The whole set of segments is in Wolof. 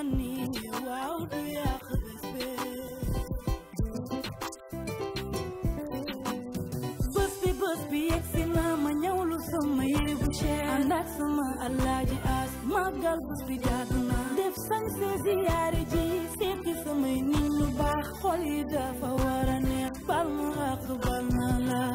I need you out here ma ñawlu sama yére bu cher ànd ak sama alaaji as màggal bés bi jaadu naa def sanse ziyaare ji seeti samay nit ñu baax xol yi dafa war neex bal ma ak bal na la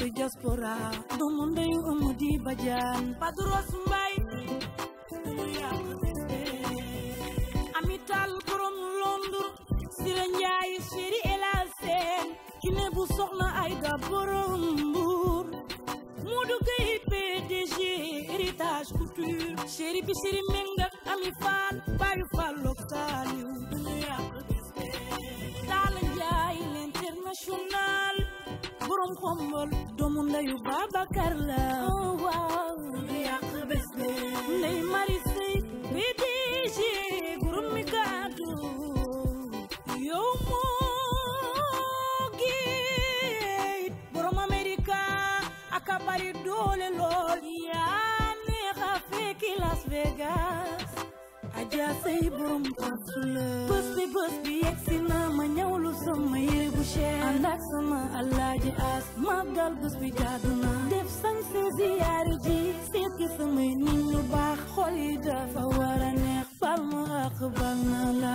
su diaspora doomu ndeyu amu di bajaan padros mbay amital borom Londres sira njaay chéri elaseen kine bu soxna ayda borom mbuur Modou Gueye PDG héritage culture chéri bi chéri menga ami faal bayu faal loktaani daala njaay l'international borom xombol doomu ndeyu Babacar la oh, waaw yàq bés bi ndey mari sëy bi di jaasay borom pass la bës bi bës bi yegsi na ma ñawlu sama yére bu cher ànd ak sama alaaji as màggal bës bi jaadu na def sanse ziyaari ji seet ki samay nit ñu baax xol yi dafa war neex bal ma ak bal na la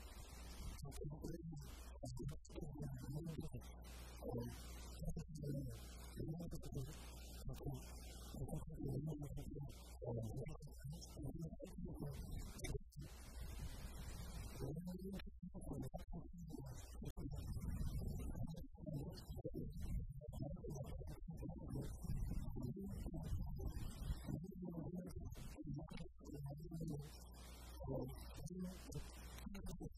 Thank you.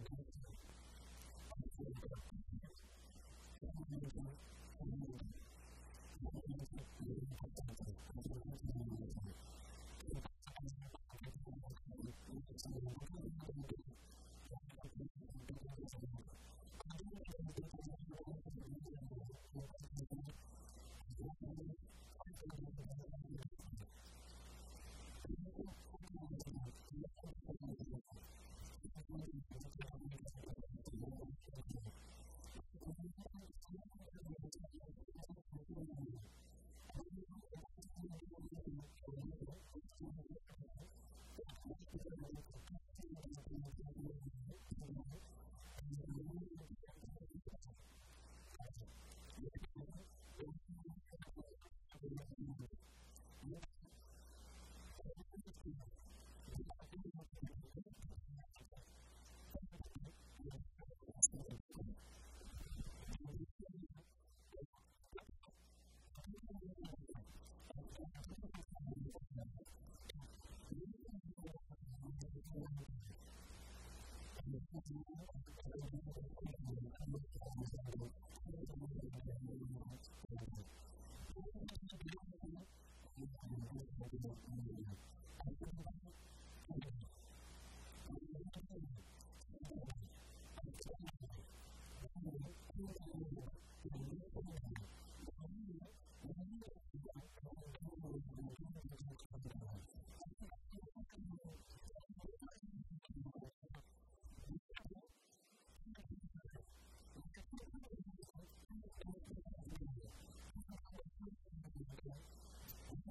Thank you. Thank you.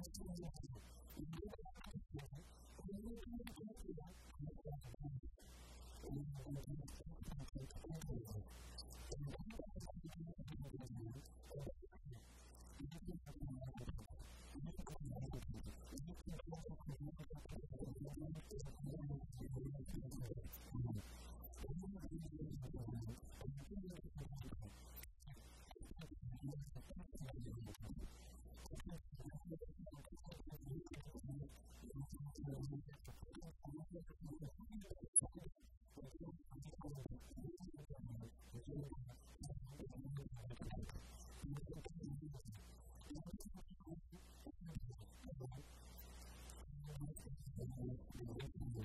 amashanyarazi igihugu cy'abaturage uburyo bw'umutekano Thank you.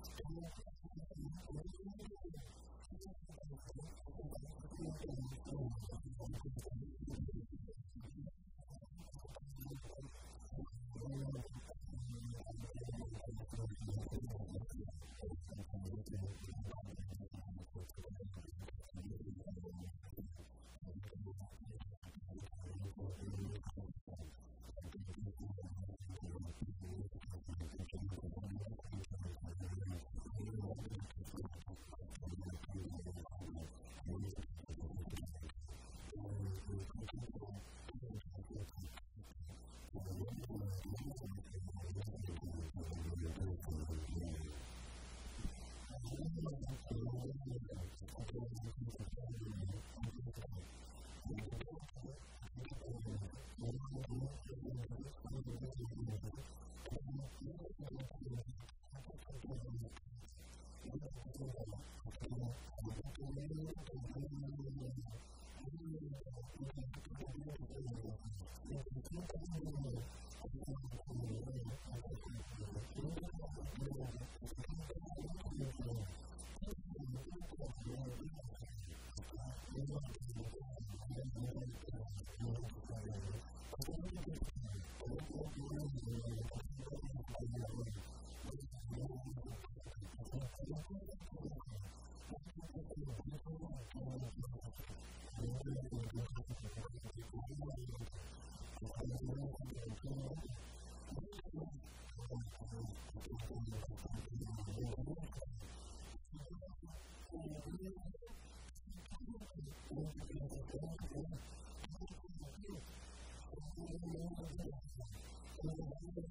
Thank you. Thank you.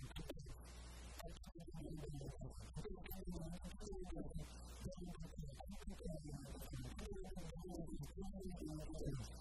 Thank you.